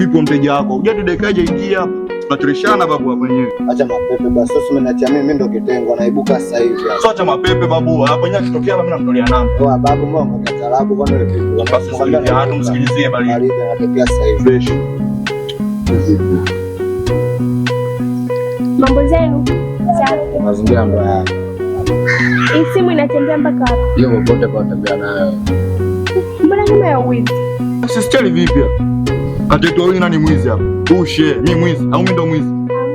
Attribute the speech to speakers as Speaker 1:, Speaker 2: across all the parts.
Speaker 1: vipi wa mteja wako? Unajua tu dakika haja ingia, tunatoreshana babu hapa wenyewe.
Speaker 2: Acha mapepe basi, sasa umeniatia mimi, mimi ndio kitengo naibuka sasa hivi.
Speaker 1: Sasa acha mapepe babu, hapa wenyewe akitokea mimi namtolea namba.
Speaker 2: Kwa babu mbona mkatalabu kwani ile kitu.
Speaker 1: Basi sasa tumsikilizie bali. Bali
Speaker 2: anatokea sasa
Speaker 1: hivi.
Speaker 3: Mambo zenu.
Speaker 2: Safi. Mazingira ndo haya.
Speaker 3: Hii simu inatembea mpaka wapi?
Speaker 2: Hiyo popote kwa tembea nayo.
Speaker 3: Mbona kama ya wizi?
Speaker 1: Sisi vipi? kati yetu wawili nani mwizi hapa? Ushe, mimi mwizi au mimi ndo mwizi?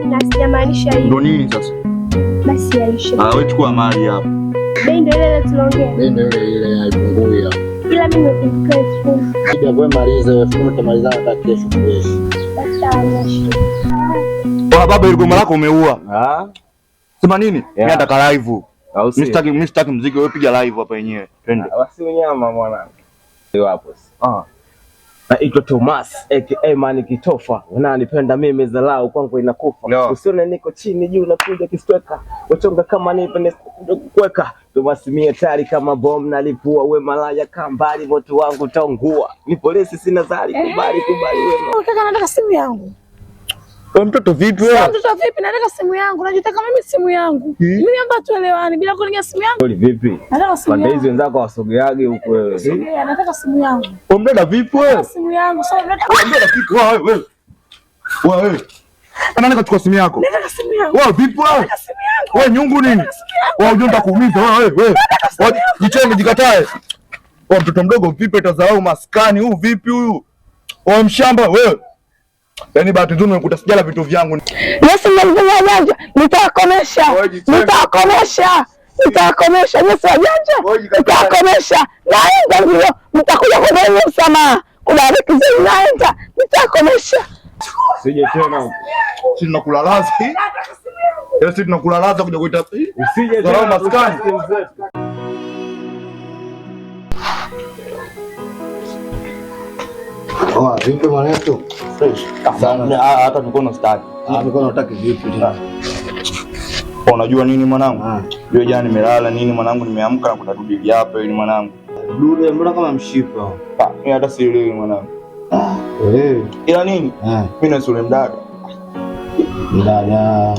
Speaker 3: Na sijamaanisha hiyo.
Speaker 1: Ndo nini sasa?
Speaker 3: Basi Aisha.
Speaker 1: Ah, wewe chukua mali hapa.
Speaker 3: Bei ndio ile tunaongea.
Speaker 2: Bei ndio ile ile haipungui hapa.
Speaker 3: Ila mimi nikumbuka elfu kumi.
Speaker 2: Ndio wewe maliza elfu kumi utamalizana hata kesho kesho. Sasa Aisha.
Speaker 1: Kwa baba ile malako lako umeua. Ah. Sema nini? Mimi nataka live. Mimi sitaki muziki, wewe piga live hapa wenyewe.
Speaker 2: Twende. Ah, basi unyama mwanangu. Hapo. Ah. Naitwa Thomas aka Mani Kitofa, unanipenda mimi, zalau kwangu inakufa no. Usione niko chini juu, nakuja kistweka wachonga kama nipe kuweka Thomas, mie tari kama bom nalipua, we malaya kambali, moto wangu taungua, ni polisi sina zari, kubali kubali wewe.
Speaker 3: nataka simu yangu
Speaker 1: Mtoto vipi wewe?
Speaker 3: Mtoto vipi? Nataka simu yangu. Najitaka mimi simu yangu. Mimi naomba tuelewane bila kuniga simu yangu.
Speaker 2: Wewe vipi? Nataka simu yangu. Hizo wenzako wasogeage huko wewe.
Speaker 3: Sogea, nataka simu yangu.
Speaker 1: Wewe mdada vipi wewe?
Speaker 3: Simu yangu. Sasa
Speaker 1: nataka mdada vipi wewe wewe? Wewe. Ana nani kachukua simu yako?
Speaker 3: Nataka simu yangu.
Speaker 1: Wewe vipi wewe? Nataka simu yangu. Wewe nyungu nini? Wewe unajua nitakuumiza wewe wewe. Jichenge jikatae. Wewe mtoto mdogo vipi utazarau maskani huu vipi huyu? Wewe mshamba wewe. Yaani bahati nzuri nimekuta sijala vitu vyangu.
Speaker 3: Yesu mzima wajanja, nitakomesha. Nitakomesha. Nitakomesha Yesu wajanja. Nitakomesha. Naenda ndio mtakuja kwa mwenye msamaha. Kubariki zenu naenda. Nitakomesha.
Speaker 1: Sije tena. Sisi tunakulalaza. Yaani sisi tunakulalaza kuja kuita. Usije tena maskani
Speaker 2: vipi mwanetu? Hata mikono sitaki. Mikono sitaki vipi ah.
Speaker 1: Unajua nini mwanangu? Jua ah. jana nimelala nini mwanangu, nimeamka na kutarudi hapa ili mwanangu.
Speaker 2: Dude, mbona kama mshipa?
Speaker 1: Ah, mimi hata sielewi mwanangu.
Speaker 2: Ah, eh.
Speaker 1: Ila nini? Mimi na sule mdada.
Speaker 2: Mdada.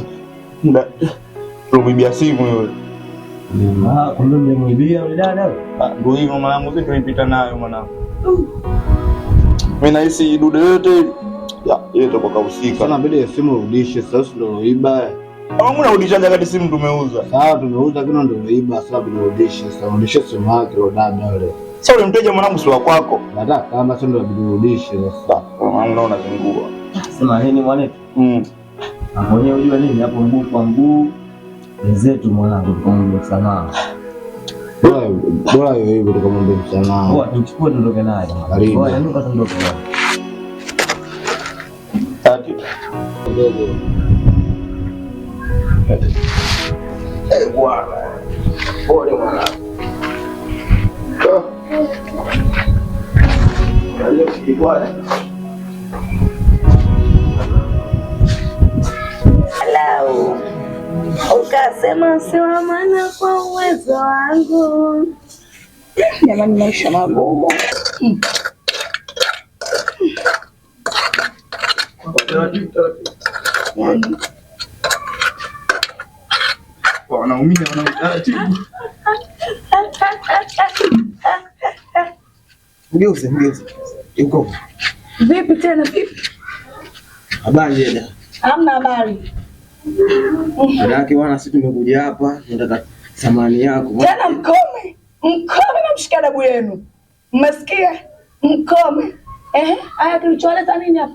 Speaker 1: Mdada. Rumibia simu yule.
Speaker 2: Ah, kumbe mlimwibia yule dada?
Speaker 1: Ah, ndio hivyo mwanangu, sisi tulipita nayo mwanangu. Uh. Mimi nahisi dude yote itakuwa kahusika.
Speaker 2: Sana mbele simu urudishe, sasa ndio uiba.
Speaker 1: Kama unarudisha ngati simu tumeuza.
Speaker 2: Sawa tumeuza kino ndio uiba, sasa tunarudishe, sasa urudishe simu yake au dada yule.
Speaker 1: Sasa ule mteja mwanangu si wa kwako.
Speaker 2: Nataka kama sasa ndio urudishe sasa.
Speaker 1: Mwanangu nao unazingua.
Speaker 2: Sema nini mwanetu? Mm. Mwenyewe unajua nini hapo mguu kwa mguu. Wenzetu mwanangu kwa sanaa bora hiyo hivyo, tukamwambia msichana bwana
Speaker 3: nikasema si wa maana kwa uwezo wangu. Jamani, maisha magumu.
Speaker 1: Wanaumia wana utaratibu.
Speaker 2: Mgeuze, mgeuze. Yuko.
Speaker 3: Vipi tena vipi?
Speaker 2: Habari.
Speaker 3: Hamna habari.
Speaker 2: Dada yake wana, sisi tumekuja hapa tunataka samani yako.
Speaker 3: Tena mkome. Mkome na mshika adabu yenu. Mmesikia? Mkome. Eh, haya tulicholeta nini hapa?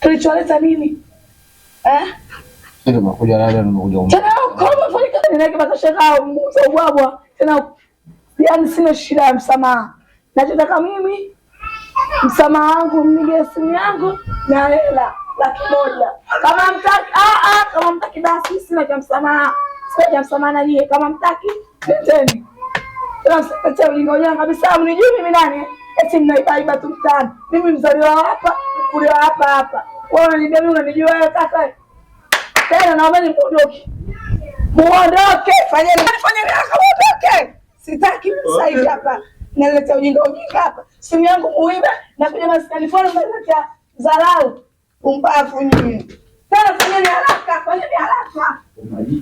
Speaker 3: Tulicholeta nini? Eh?
Speaker 2: Sisi tumekuja lala na mkuja umu.
Speaker 3: Tena mkome fanya kazi nake baka shaka muuza ubwabwa. Tena yani sina shida ya msamaha. Nachotaka mimi msamaha wangu mnige simu yangu na hela laki moja. Kama mtaki ah ah, kama mtaki basi sina cha msamaha. Sina cha msamaha na yeye, kama mtaki tendeni. Tunamsapata ulingojana kabisa, mnijui mimi nani? Eti mnaibaiba tu mtaani. Mimi mzaliwa hapa, kuliwa hapa hapa. Wewe unanijua mimi unanijua wewe kaka. Tena naomba nipondoke. Muondoke, fanyeni fanyeni hapa muondoke. Sitaki msaidi hapa. Naleta ujinga ujinga hapa. Simu yangu muiba na kuja maskani phone mbali dharau.
Speaker 2: Umpavuni.
Speaker 3: Sasa fanyeni haraka, fanyeni haraka.